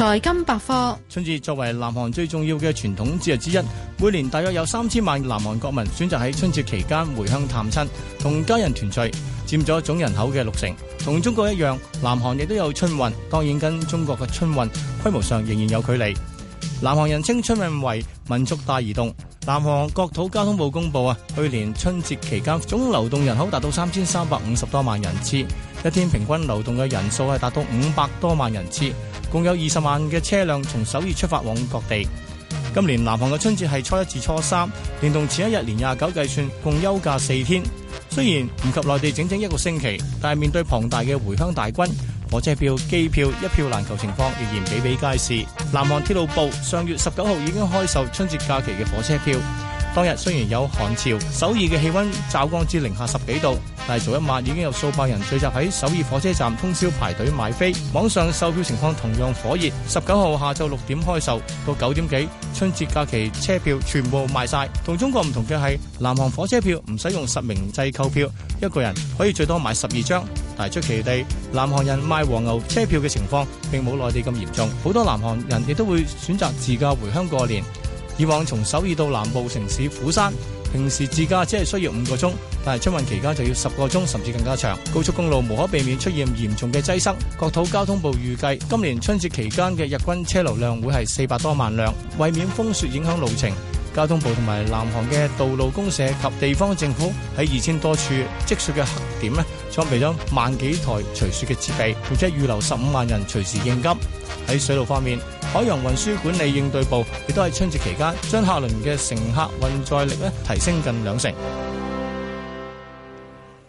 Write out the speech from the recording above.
財金百科，春節作為南韓最重要嘅傳統節日之一，每年大約有三千萬南韓國民選擇喺春節期間回鄉探親，同家人團聚，佔咗總人口嘅六成。同中國一樣，南韓亦都有春運，當然跟中國嘅春運規模上仍然有距離。南韓人稱春運為民族大移動。南韓國土交通部公佈啊，去年春節期間總流動人口達到三千三百五十多萬人次，一天平均流動嘅人數係達到五百多萬人次。共有二十萬嘅車輛從首爾出發往各地。今年南韓嘅春節係初一至初三，連同前一日年廿九計算，共休假四天。雖然唔及內地整整一個星期，但係面對龐大嘅回鄉大軍，火車票、機票一票難求情況仍然比比皆是。南韓鐵路部上月十九號已經開售春節假期嘅火車票。當日雖然有寒潮，首爾嘅氣温驟降至零下十幾度，但係早一晚已經有數百人聚集喺首爾火車站通宵排隊買飛，網上售票情況同樣火熱。十九號下晝六點開售到九點幾，春節假期車票全部賣晒。同中國唔同嘅係，南韓火車票唔使用實名制購票，一個人可以最多買十二張。但係出奇地，南韓人賣黃牛車票嘅情況並冇內地咁嚴重，好多南韓人亦都會選擇自駕回鄉過年。以往從首爾到南部城市釜山，平時自駕車只係需要五個鐘，但係春運期間就要十個鐘，甚至更加長。高速公路無可避免出現嚴重嘅擠塞。國土交通部預計今年春節期間嘅日均車流量會係四百多萬輛。為免風雪影響路程，交通部同埋南韓嘅道路公社及地方政府喺二千多處積雪嘅核點呢，裝備咗萬幾台除雪嘅設備，亦預留十五萬人隨時應急。喺水路方面，海洋運輸管理應對部亦都喺春節期間，將客輪嘅乘客運載力咧提升近兩成。